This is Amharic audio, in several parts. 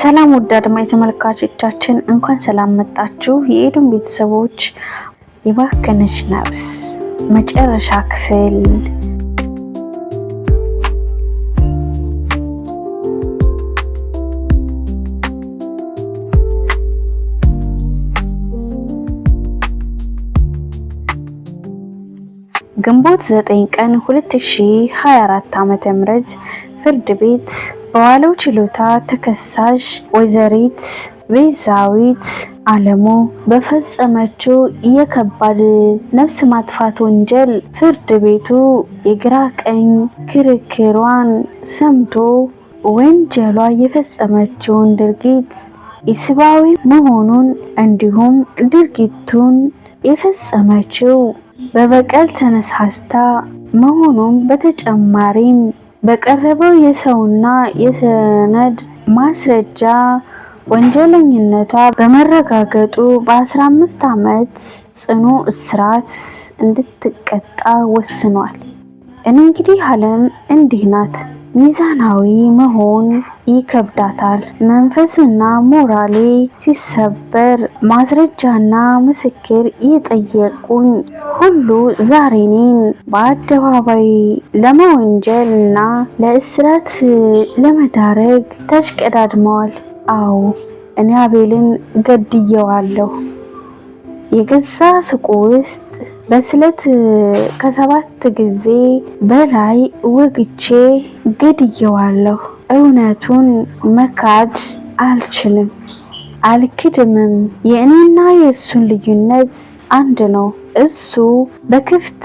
ሰላም ውድ አድማጭ ተመልካቾቻችን እንኳን ሰላም መጣችሁ። የኤዶም ቤተሰቦች የባከነች ነፍስ መጨረሻ ክፍል ግንቦት 9 ቀን 2024 ዓ.ም ፍርድ ቤት በዋለው ችሎታ ተከሳሽ ወይዘሪት ቤዛዊት አለሙ በፈጸመችው የከባድ ነፍስ ማጥፋት ወንጀል ፍርድ ቤቱ የግራ ቀኝ ክርክሯን ሰምቶ ወንጀሏ የፈጸመችውን ድርጊት ኢሰብአዊ መሆኑን እንዲሁም ድርጊቱን የፈጸመችው በበቀል ተነሳስታ መሆኑን በተጨማሪም በቀረበው የሰውና የሰነድ ማስረጃ ወንጀለኝነቷ በመረጋገጡ በ15 ዓመት ጽኑ እስራት እንድትቀጣ ወስኗል። እንግዲህ አለም እንዲህ ናት። ሚዛናዊ መሆን ይከብዳታል። መንፈስና ሞራሌ ሲሰበር ማስረጃና ምስክር የጠየቁኝ ሁሉ ዛሬ እኔን በአደባባይ ለመወንጀልና ለእስረት ለመዳረግ ተሽቀዳድመዋል። አዎ እኔ አቤልን ገድየዋለሁ። የገዛ ሱቁ ውስጥ በስለት ከሰባት ጊዜ በላይ ወግቼ ገድየዋለሁ። እውነቱን መካድ አልችልም፣ አልክድምም። የእኔና የእሱን ልዩነት አንድ ነው። እሱ በክፍት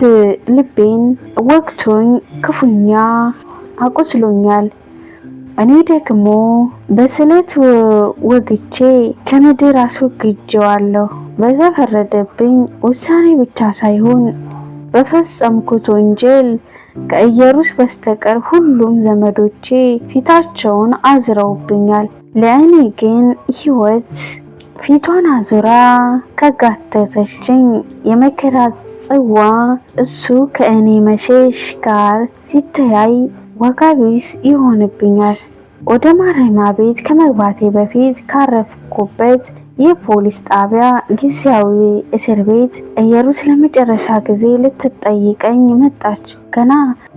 ልቤን ወግቶኝ ክፉኛ አቁስሎኛል። እኔ ደግሞ በስለት ወግቼ ከምድር አስወግጄዋለሁ። በተፈረደብኝ ውሳኔ ብቻ ሳይሆን በፈጸምኩት ወንጀል ከኢየሩስ በስተቀር ሁሉም ዘመዶቼ ፊታቸውን አዝረውብኛል። ለእኔ ግን ሕይወት ፊቷን አዙራ ከጋተተችኝ የመከራ ጽዋ እሱ ከእኔ መሸሽ ጋር ሲተያይ ዋጋ ቢስ ይሆንብኛል። ወደ ማረሚያ ቤት ከመግባቴ በፊት ካረፍኩበት የፖሊስ ጣቢያ ጊዜያዊ እስር ቤት እየሩስ ለመጨረሻ ጊዜ ልትጠይቀኝ መጣች። ገና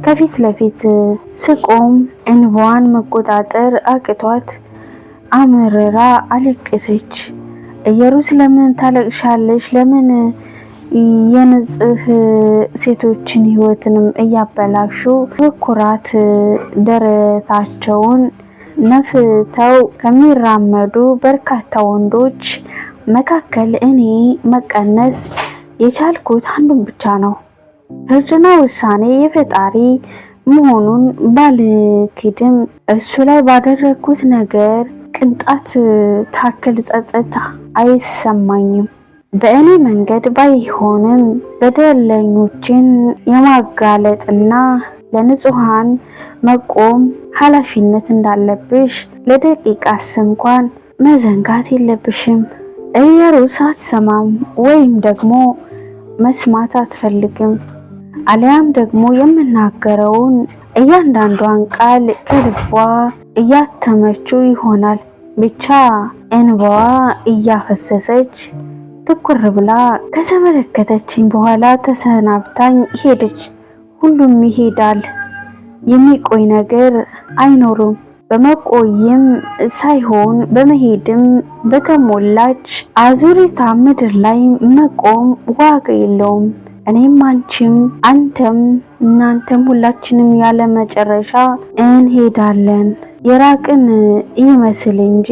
ከፊት ለፊት ስቆም እንባዋን መቆጣጠር አቅቷት አምርራ አለቀሰች። እየሩስ ለምን ታለቅሻለሽ? ለምን የንጽህ ሴቶችን ህይወትንም እያበላሹ በኩራት ደረታቸውን ነፍተው ከሚራመዱ በርካታ ወንዶች መካከል እኔ መቀነስ የቻልኩት አንዱን ብቻ ነው። እርጅና ውሳኔ የፈጣሪ መሆኑን ባልክድም እሱ ላይ ባደረግኩት ነገር ቅንጣት ታክል ጸጸት አይሰማኝም። በእኔ መንገድ ባይሆንም በደለኞችን የማጋለጥና ለንጹሐን መቆም ኃላፊነት እንዳለብሽ ለደቂቃስ እንኳን መዘንጋት የለብሽም። እየሩስ አትሰማም ወይም ደግሞ መስማት አትፈልግም አሊያም ደግሞ የምናገረውን እያንዳንዷን ቃል ከልቧ እያተመችው ይሆናል። ብቻ እንባዋ እያፈሰሰች ትኩር ብላ ከተመለከተችኝ በኋላ ተሰናብታኝ ሄደች። ሁሉም ይሄዳል፣ የሚቆይ ነገር አይኖርም። በመቆይም ሳይሆን በመሄድም በተሞላች አዙሪታ ምድር ላይ መቆም ዋጋ የለውም። እኔም አንቺም አንተም እናንተም ሁላችንም ያለ መጨረሻ እንሄዳለን። የራቅን ይመስል እንጂ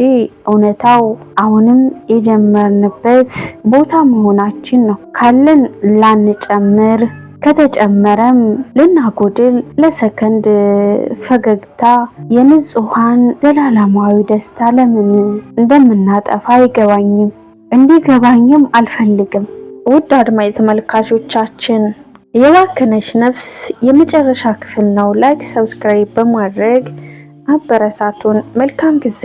እውነታው አሁንም የጀመርንበት ቦታ መሆናችን ነው። ካለን ላንጨምር ከተጨመረም ልናጎድል ለሰከንድ ፈገግታ የንጹሐን ዘላለማዊ ደስታ ለምን እንደምናጠፋ አይገባኝም። እንዲገባኝም አልፈልግም። ውድ አድማጭ ተመልካቾቻችን የባከነች ነፍስ የመጨረሻ ክፍል ነው። ላይክ፣ ሰብስክራይብ በማድረግ አበረታቱን። መልካም ጊዜ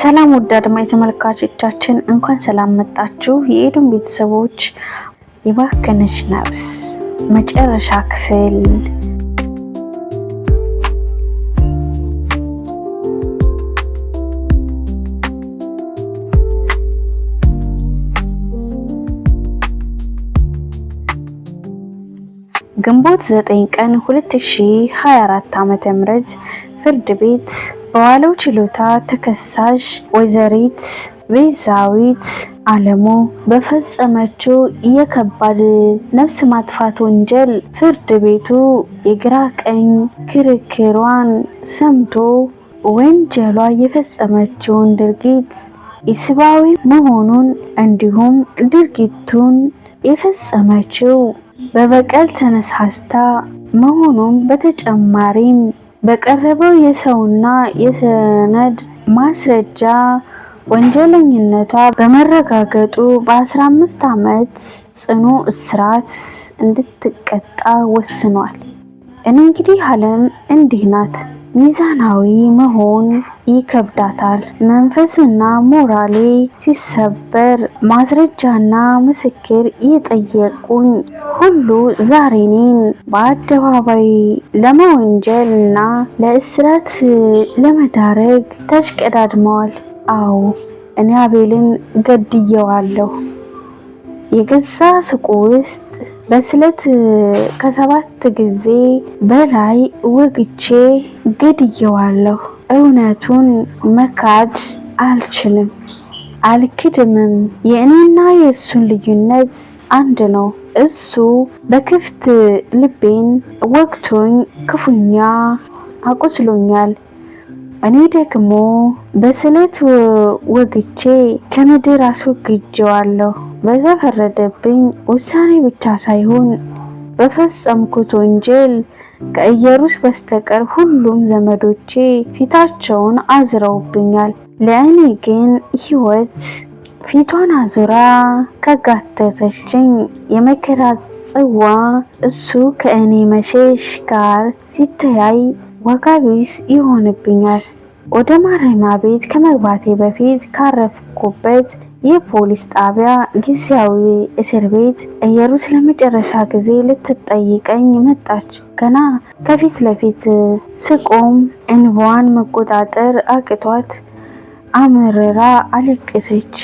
ሰላም ውድ አድማጭ ተመልካቾቻችን እንኳን ሰላም መጣችሁ። የኤዶም ቤተሰቦች የባከነች ነፍስ መጨረሻ ክፍል ግንቦት 9 ቀን 2024 ዓ.ም ፍርድ ቤት በዋለው ችሎታ ተከሳሽ ወይዘሪት ቤዛዊት አለሙ በፈጸመችው የከባድ ነፍስ ማጥፋት ወንጀል ፍርድ ቤቱ የግራ ቀኝ ክርክሯን ሰምቶ ወንጀሏ የፈጸመችውን ድርጊት ኢሰብአዊ መሆኑን እንዲሁም ድርጊቱን የፈጸመችው በበቀል ተነሳስታ መሆኑን በተጨማሪም በቀረበው የሰውና የሰነድ ማስረጃ ወንጀለኝነቷ በመረጋገጡ በ15 ዓመት ጽኑ እስራት እንድትቀጣ ወስኗል። እንግዲህ አለም እንዲህ ናት። ሚዛናዊ መሆን ይከብዳታል። መንፈስና ሞራሌ ሲሰበር ማስረጃና ምስክር እየጠየቁኝ ሁሉ ዛሬ እኔን በአደባባይ ለመወንጀልና ለእስረት ለመዳረግ ተሽቀዳድመዋል። አዎ እኔ አቤልን ገድየዋለሁ። የገዛ ሱቁ ውስጥ በስለት ከሰባት ጊዜ በላይ ወግቼ ገድየዋለሁ። እውነቱን መካድ አልችልም፣ አልክድምም። የእኔና የእሱን ልዩነት አንድ ነው። እሱ በክፍት ልቤን ወግቶኝ ክፉኛ አቁስሎኛል። እኔ ደግሞ በስለት ወግቼ ከምድር አስወግጄዋለሁ። በተፈረደብኝ ውሳኔ ብቻ ሳይሆን በፈጸምኩት ወንጀል ከኢየሩስ በስተቀር ሁሉም ዘመዶቼ ፊታቸውን አዝረውብኛል። ለእኔ ግን ሕይወት ፊቷን አዙራ ከጋተተችኝ የመከራ ጽዋ እሱ ከእኔ መሸሽ ጋር ሲተያይ ዋጋ ቢስ ይሆንብኛል። ወደ ማረሚያ ቤት ከመግባቴ በፊት ካረፍኩበት የፖሊስ ጣቢያ ጊዜያዊ እስር ቤት እየሩስ ለመጨረሻ ጊዜ ልትጠይቀኝ መጣች። ገና ከፊት ለፊት ስቆም እንባዋን መቆጣጠር አቅቷት አምርራ አለቀሰች።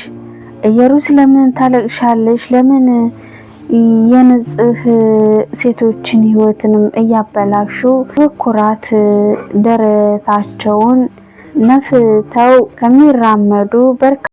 እየሩስ ለምን ታለቅሻለሽ? ለምን የንጽህ ሴቶችን ህይወትንም እያበላሹ በኩራት ደረታቸውን ነፍተው ከሚራመዱ በርካ